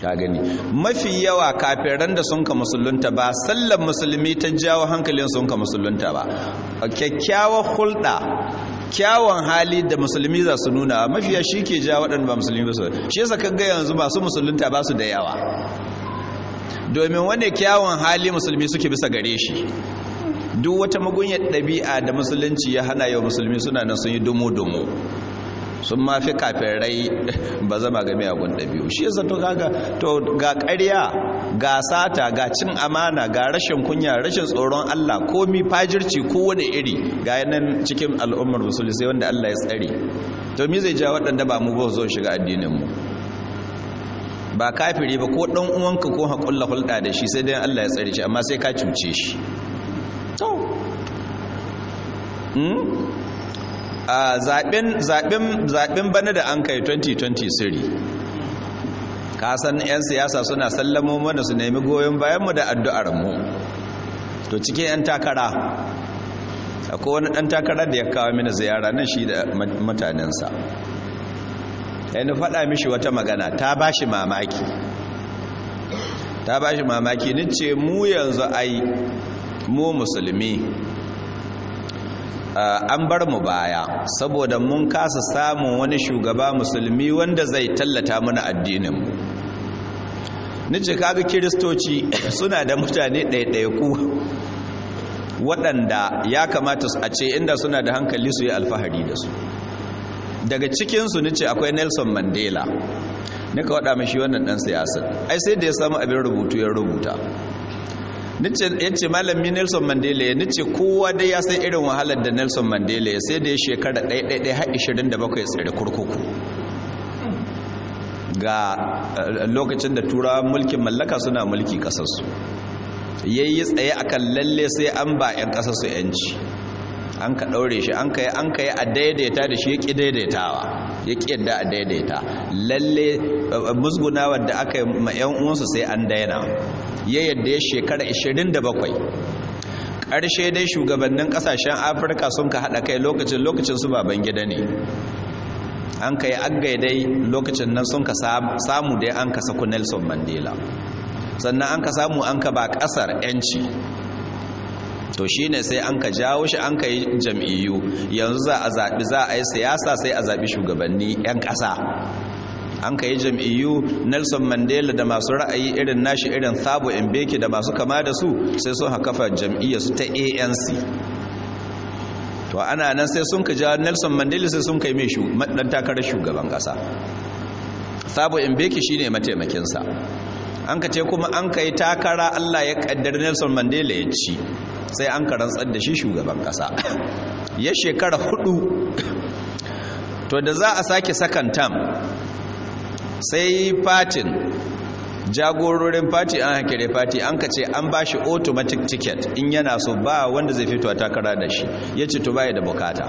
ka gani mafi yawa kafiran da sun ka musulunta ba sallan musulmi ta jawo hankalin sun ka musulunta ba kyakkyawar hulɗa kyawun hali da musulmi za su nuna mafiya shi ke ja waɗanda ba musulmi ba su shi yasa kaga yanzu masu musulunta ba su da yawa domin wani kyawun hali musulmi suke bisa gare shi duk wata magunyar ɗabi'a da musulunci ya hana yau musulmi suna nan sun yi dumo-dumo sun ma fi kafin rai ba zama game a gunda biyu shi yasa to kaga to ga ƙarya ga sata ga cin amana ga rashin kunya rashin tsoron Allah komi fajirci ko wani iri ga nan cikin al'ummar musulmi sai wanda Allah ya tsare to me zai ja waɗanda ba mu ba zo shiga addinin mu ba kafiri ba ko dan uwanka ko hakulla hulɗa da shi sai dai Allah ya tsare shi amma sai ka cuce shi to hmm? a zaɓen bana da an kai 2023, siri san 'yan siyasa suna sallamo mana su nemi goyon bayan mu da addu'ar mu, to cikin 'yan takara akwai wani ɗan takara da ya kawo mini ziyara nan shi da mutanensa yana faɗa mishi wata magana ta ba shi mamaki ta ba shi mamaki ni ce mu yanzu ai mu musulmi Eh, an bar mu baya saboda mun kasa samun wani shugaba musulmi wanda zai tallata mana addinin mu nace kaga kiristoci suna da mutane ku waɗanda ya kamata a ce inda suna da hankali su yi alfahari da su daga cikinsu nace akwai nelson mandela nika waɗa mashi wannan ɗan siyasar ai sai da ya samu abin rubutu ya rubuta yace malami Nelson Mandela ya nace kowa dai ya san irin wahalar da Nelson Mandela ya sai da ya shekara 11 har da ya tsere kurkuku ga eh, lokacin da tura mulkin mallaka suna mulki kasarsu yayi tsaye akan lalle sai an ba 'yan kasarsu 'yanci an ka ɗaure shi an ka yi an a daidaita da shi ya ƙi daidaitawa ya ƙi yadda a daidaita lalle eh, eh, musgunawar da aka yi ma uwansu sai an daina ya yadda ya shekara 27 ƙarshe dai shugabannin ƙasashen afirka sun ka haɗa kai lokacin lokacin su baban gida ne an ka yi aggai dai lokacin nan sun ka samu dai an ka saku nelson mandela sannan an ka samu an ka ba ƙasar 'yanci to shi ne sai an ka jawo shi an ka yi jam'iyyu yanzu za a zaɓi za a yi siyasa sai a zaɓi shugabanni 'yan ƙasa an ka yi jam'iyyu nelson mandela da masu ra'ayi irin nashi irin thabo mbeki da masu kama da su sai sun hakafa jam'iyyar su ta anc to ana nan sai sun ka ja nelson mandela sai sun kai mai dan takarar shugaban kasa thabo mbeki shine mataimakinsa an ka ce kuma an ka yi takara allah ya kaddar nelson mandela ya ci sai an ka rantsar da shi shugaban kasa ya shekara hudu to da za a sake second term. sai fatin jagororin fati an hakire fati an kace an ba shi automatic ticket in yana so ba wanda zai fito a takara da shi ya ce to baya da bukata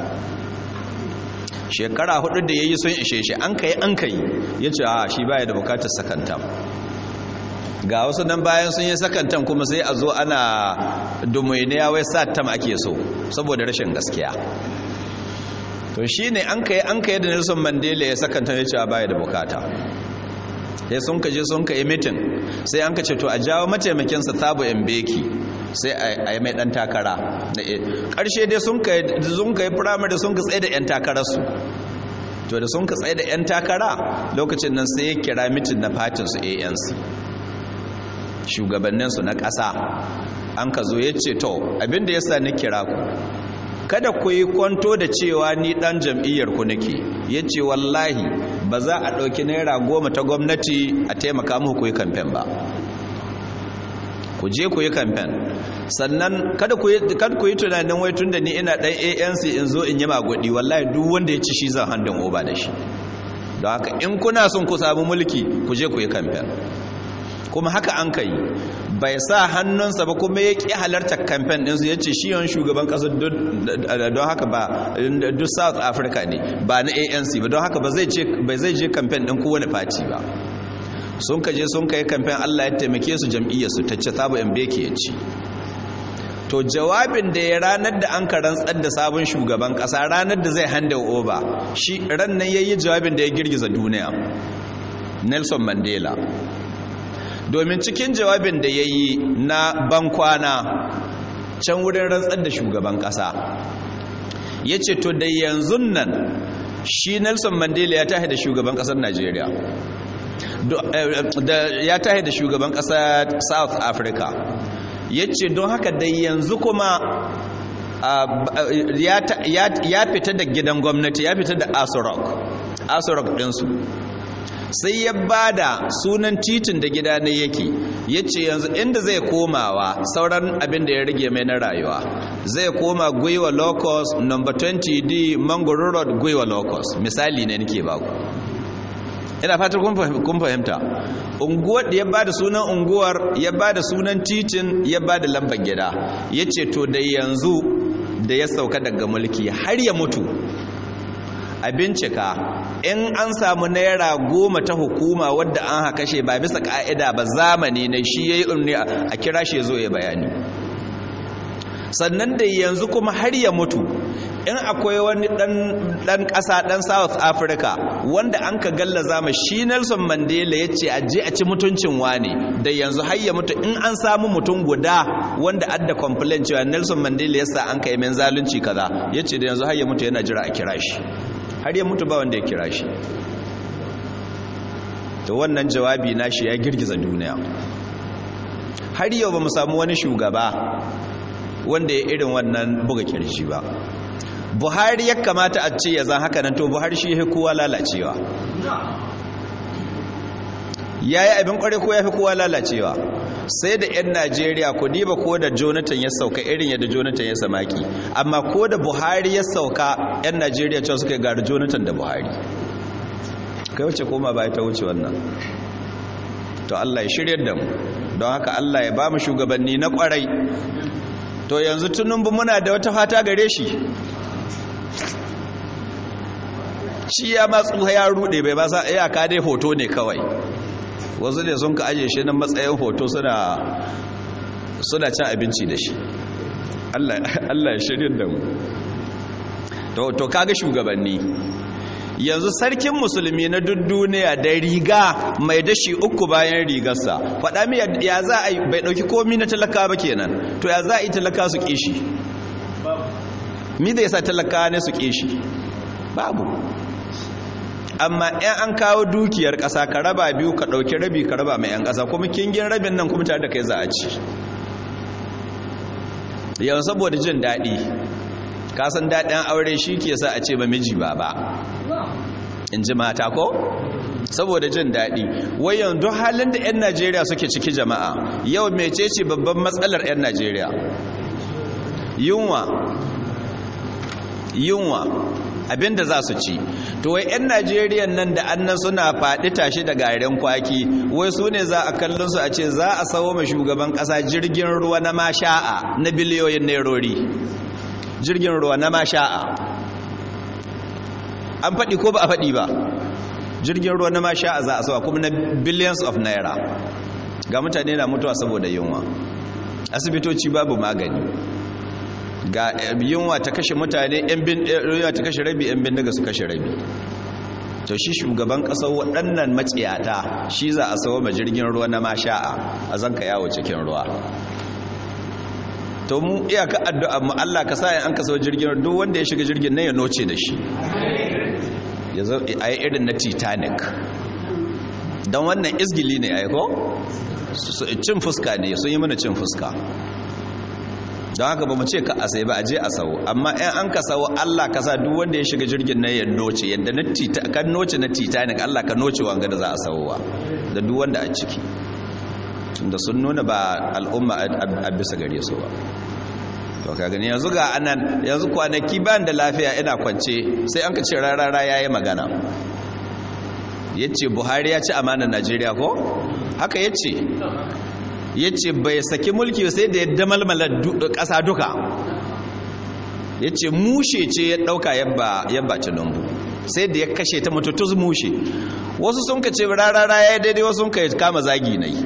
shekara hudu da ya yi sun ishe shi an kai an kai ya ce a shi baya da bukatar sakanta ga wasu nan bayan sun yi sakanta kuma sai a zo ana ya wai satam ake so saboda rashin gaskiya to shi ne an kai an kai da nelson mandela ya sakanta ya ce a baya da bukata sai sun ka je sun ka yi mitin sai an ka ce to a jawo mataimakinsa sabo beki sai a yi mai dan takara karshe eh, dai sun ka yi firamare sun ka tsaye da 'yan takararsu to da sun ka tsaye da 'yan takara lokacin nan sai ya kira mitin na fatinsu anc shugabanninsu na ƙasa an ka zo ya ce to abinda ya sa ni kira ku kada ku yi kwanto da cewa ni dan jam'iyyar ku nake ya ce wallahi ba za a ɗauki naira goma ta gwamnati a taimaka muku ku kamfen ba ku je ku yi kamfen sannan kada ku yi tunanin wai tun da ni ina ɗan anc in zo in yi magudi wallahi duk wanda ya ci shi zan handin oba da shi don haka in kuna son ku samu mulki ku je ku yi kamfen kuma haka an ka bai sa hannunsa ba kuma ya ƙi halartar kamfen ɗinsu ya ce yawan shugaban ƙasar don haka ba duk south africa ne ba na anc ba don haka ba zai je kamfen ɗin kowane fati ba sun kaje sun kai kamfen allah ya taimake su jam'iyyarsu ta ce sabu yan beke ya ci to jawabin da ya ranar da an tsar da sabon shugaban ƙasa ranar da zai handa oba shi ran nan ya yi jawabin da ya girgiza duniya nelson mandela domin cikin jawabin da ya yi na bankwana can wurin rantsar da shugaban ƙasa ya ce to da yanzu nan shi nelson mandela ya tahi da shugaban ƙasar Nigeria. Eh, ya tahi da shugaban ƙasar south africa ya ce don haka da yanzu kuma ya fita da gidan gwamnati ya fita da asurok asurok ɗinsu sai ya bada sunan titin da gida ne yake ce yanzu inda zai komawa sauran abin da ya rage mai na rayuwa zai koma gwiwa locos number 20d mangoro road gwiwa locos, misali ne nake ku ina fatar kun fahimta unguwar da ya ba da sunan unguwar ya ba da sunan titin ya ba da lambar gida ya ce to da yanzu da ya sauka daga mulki har ya mutu Abin cika. in an samu naira goma ta hukuma wadda an haka shi ba bisa ka'ida ba zamani ne shi ya yi umarni a kira shi zo ya bayani sannan da yanzu kuma har ya mutu in akwai wani dan ƙasa dan south africa wanda an ka gallaza ma shi nelson mandela ya ce a je a ci mutuncin wani da yanzu har ya mutu in an samu mutum guda wanda adda complain cewa nelson mandela ya sa an kai min zalunci kaza ya ce da yanzu har ya mutu yana jira a kira shi har ya mutu ba wanda ya kira shi da wannan jawabi na shi ya girgiza duniya har yau ba mu samu wani shugaba wanda ya irin wannan buga kirji ba buhari ya kamata a ce ya zan haka nan to buhari shi ya kowa lalacewa ya yi abin kware ko ya fi kowa lalacewa sai da 'yan najeriya ku diba ko da jonathan ya sauka irin yadda jonathan ya samaki amma ko da buhari ya sauka 'yan najeriya cewa suka gari jonathan da buhari kai wuce koma bai ta wuce wannan to allah ya shirya da mu don haka allah ya ba mu shugabanni na kwarai to yanzu tunumbu muna da wata fata gare shi shi ya matsu ya rude bai ba sa iyaka dai hoto ne kawai Wanzu ne sun ka aje shi na matsayin hoto suna cin abinci da shi allah ya shirin da mu to kaga shugabanni yanzu sarkin musulmi na duk duniya da riga mai dashi uku bayan rigarsa faɗa mi ya za a bai ɗauki komi na talaka ba kenan to ya za a yi talaka su ƙishi mi da sa talaka ne su ƙishi babu amma in an kawo dukiyar ƙasa ka raba biyu ka ɗauki rabi ka raba mai 'yan ƙasa kuma kingin rabin nan kuma tare da kai za a ci yau saboda jin daɗi kasan daɗin aure shi ke sa a ce ba miji ba ba in ji mata ko saboda jin daɗi wayan duk halin da 'yan najeriya suke ciki jama'a yau mece ce babban matsalar 'yan najeriya yunwa yunwa Abin da za su ci to wai 'yan najeriya nan da annan suna faɗi tashi da garin kwaki wai su ne za a kallon su a ce za a sawo ma shugaban ƙasa jirgin ruwa na masha'a na biliyoyin nairori jirgin ruwa na masha'a an faɗi ko ba a faɗi ba jirgin ruwa na masha'a za a sawa kuma na billions of naira ga mutane na mutuwa saboda yunwa asibitoci babu magani ga yunwa ta kashe mutane eh, yunwa ta kashe rabi yan bindiga su kashe rabi to shi shugaban ƙasar waɗannan matsiyata shi za a sawo ma jirgin ruwa na masha'a a zanka yawo cikin ruwa to mu iyaka addu'a mu Allah ka sa an kaso jirgin duk wanda ya shiga jirgin nan ya noce da shi ya zo a yi irin na titanic don wannan izgili ne aiko cin fuska ne sun yi mana cin fuska don haka ba mu ce ka a sai ba a je a sawo amma in an ka sawo Allah ka sa duk wanda ya shiga jirgin na ya noce yadda na tita kan noce na titanic Allah ka noce wanga da za a wa da duk wanda a ciki tunda sun nuna ba al'umma a bisa gare su ba to ka gani yanzu ga anan yanzu kwanaki ba da lafiya ina kwance sai an ka ce rarara yayi magana yace Buhari ya ci amanar Najeriya ko haka yace ya ce bai saki mulki sai da ya damalmala ƙasa duka ya ce mushe ce ya ɗauka yabba tinubu sai da ya kashe ta mututus mushe wasu sun ka ce rarara ya daidai wasu sun ka kama zagi na yi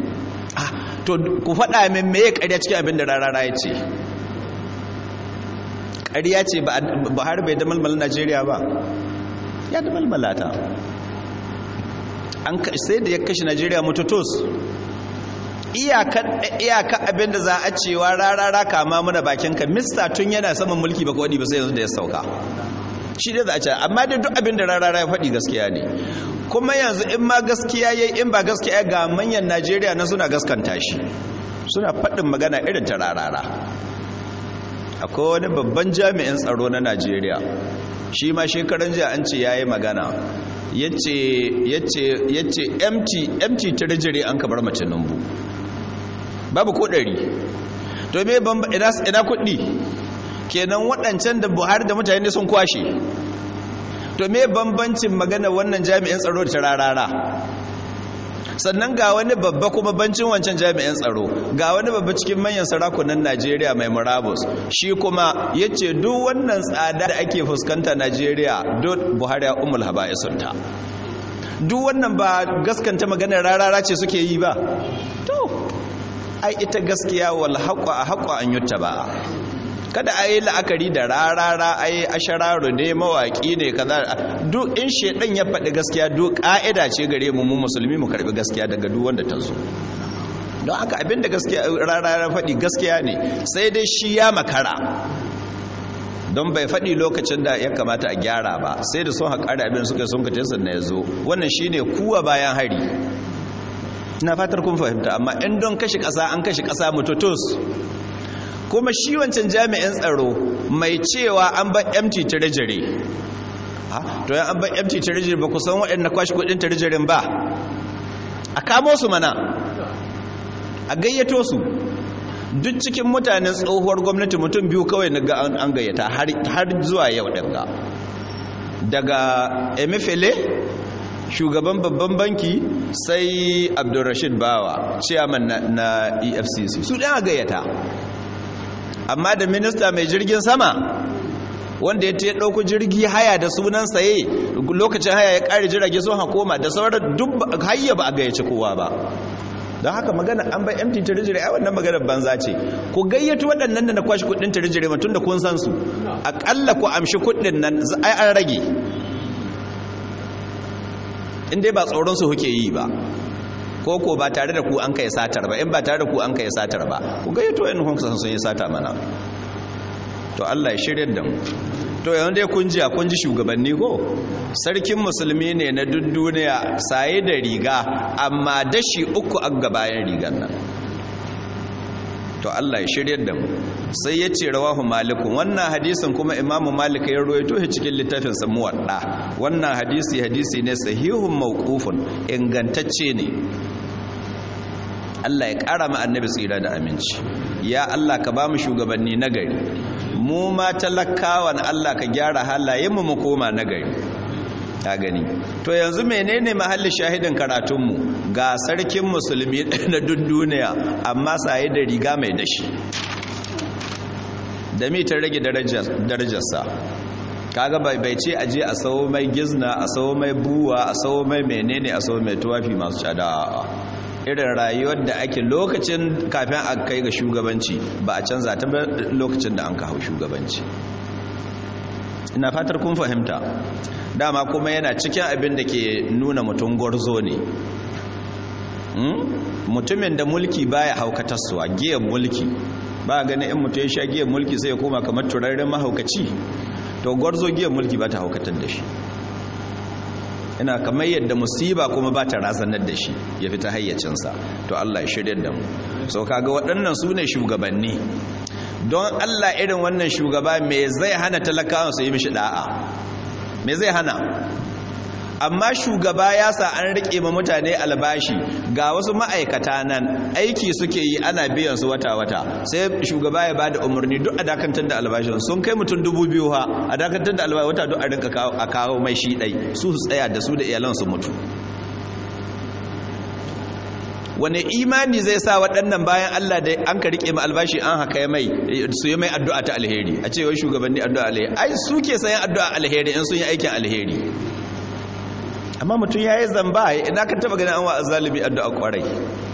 ah, to ku faɗa min me ya ƙarya cikin abin da rarara ya ce ƙarya ce buhari bai damalmala najeriya ba ya damalmala ta sai da ya kashe najeriya mututus iyaka abin da za a cewa rarara kama mana bakinka mista tun yana saman mulki ba kwaɗi ba sai yanzu da ya sauka shi dai za a ce amma dai duk abin da rarara ya faɗi gaskiya ne kuma yanzu in ma gaskiya yayi in ba gaskiya ga manyan najeriya na suna gaskanta shi suna faɗin magana irin ta rarara akwai wani babban jami'in tsaro na najeriya shi ma shekaran jiya an ce ya yi magana ya ce mt treasury an kabar mace numbu babu kudari to me ina kuɗi kenan waɗancan da buhari da mutane sun kwashe to me bambancin magana wannan jami'an tsaro da ta sannan ga wani babba kuma bancin wancan jami'an tsaro ga wani babba cikin manyan sarakunan najeriya mai murabus shi kuma ya ce duk wannan tsada da ake fuskanta najeriya duk buhari ya umul haba'isunta duk wannan ba gaskanta maganar rarara ce suke yi ba ai ita gaskiya wal a haqqa an ba kada a yi la'akari da rarara a yi ashararu ne mawaƙi ne kaza duk in shaidan ya faɗi gaskiya duk ƙa'ida ce gare mu mu musulmi mu karɓi gaskiya daga duk wanda ta zo don haka abin da gaskiya rarara faɗi gaskiya ne sai dai shi ya makara don bai faɗi lokacin da ya kamata a gyara ba sai da sun haƙari abin suka sun kace sannan ya zo wannan shine kuwa bayan hari na fatar kun fahimta amma in don kashe ƙasa an kashe ƙasa mutotos kuma shi wancan jami'in tsaro mai cewa an bar empty ha to yan an bar empty treasury ba ku san waɗanda kwashe kuɗin treasury ba a kamo su mana a gayyato su duk cikin mutanen tsohuwar gwamnati mutum biyu kawai na ga an gayyata har zuwa yau ɗanga daga emefele shugaban babban banki sai abdulrashid bawa chairman na efcc su ɗan gayyata amma da minista mai jirgin sama wanda ya ta ɗauko jirgi haya da sunan saye lokacin haya ya ƙare jirage sun hakoma da sauran duk hayya ba a gayyace kowa ba don haka magana an bai M.T territory a wannan magana banza ce ku gayyatu waɗannan da na kwashi kuɗin territory mutum da kun san su aƙalla ku amshi kuɗin nan ai an rage in dai ba tsoron su kuke yi ba ko ko ba tare da ku an kai satar ba in ba tare da ku an kai satar ba ku ga yato in kun san sun yi sata mana to Allah ya shirye da mu to yanzu dai kun ji kun ji shugabanni ko sarkin musulmi ne na duk duniya saye da riga amma dashi uku a gabayan rigar nan to Allah ya shirye da mu sai ya ce rawahu malikun wannan hadisin kuma imamu malika ya rawaito shi cikin littafin sa muwadda wannan hadisi hadisi ne sahihun mawqufun ingantacce ne Allah ya ƙara ma annabi tsira da aminci ya Allah ka ba mu shugabanni nagari mu ma talakawan Allah ka gyara halayenmu mu mu koma nagari ta gani to yanzu menene mahallin shahidin karatunmu ga sarkin musulmi na duniya amma saye da riga mai dashi da mitar rage darajarsa kaga bai bai ce aje a sawo mai gizna a sawo mai buwa a sawo mai menene a sawo mai tuwafi masu cada irin rayuwar da ake lokacin kafin a kai ga shugabanci ba a canza ta lokacin da an kawo shugabanci ina fatar kun fahimta dama kuma yana cikin abin da ke nuna mutum gwarzo ne hmm? mutumin da mulki baya haukatarsuwa giyar mulki ba ganin in mutum ya sha giyan mulki sai ya koma kamar turarren mahaukaci to gwarzo giyar mulki ba ta haukatar da shi ina kamar yadda musiba kuma ba ta razanar da shi ya fita hayyacinsa to Allah ya shirya da mu so kaga waɗannan su ne shugabanni don Allah irin wannan shugaba me zai hana talakawa su yi mishi da'a me zai hana amma shugaba ya sa an rike ma mutane albashi ga wasu ma'aikata nan aiki suke yi ana biyan su wata wata sai shugaba ya bada umarni duk a dakantar da albashin sun kai mutum dubu biyu ha a dakantar da albashi wata duk a rinka a kawo mai shi dai su su tsaya da su da iyalan su mutu wane imani zai sa waɗannan bayan Allah da an ka riƙe ma albashi an haka mai su yi mai addu'a ta alheri a cewa shugabanni addu'a alheri ai suke sayan addu'a alheri in sun yi aikin alheri amma mutum ya yi zamba na kan taba ganin an wa zalibi addu'a kwarai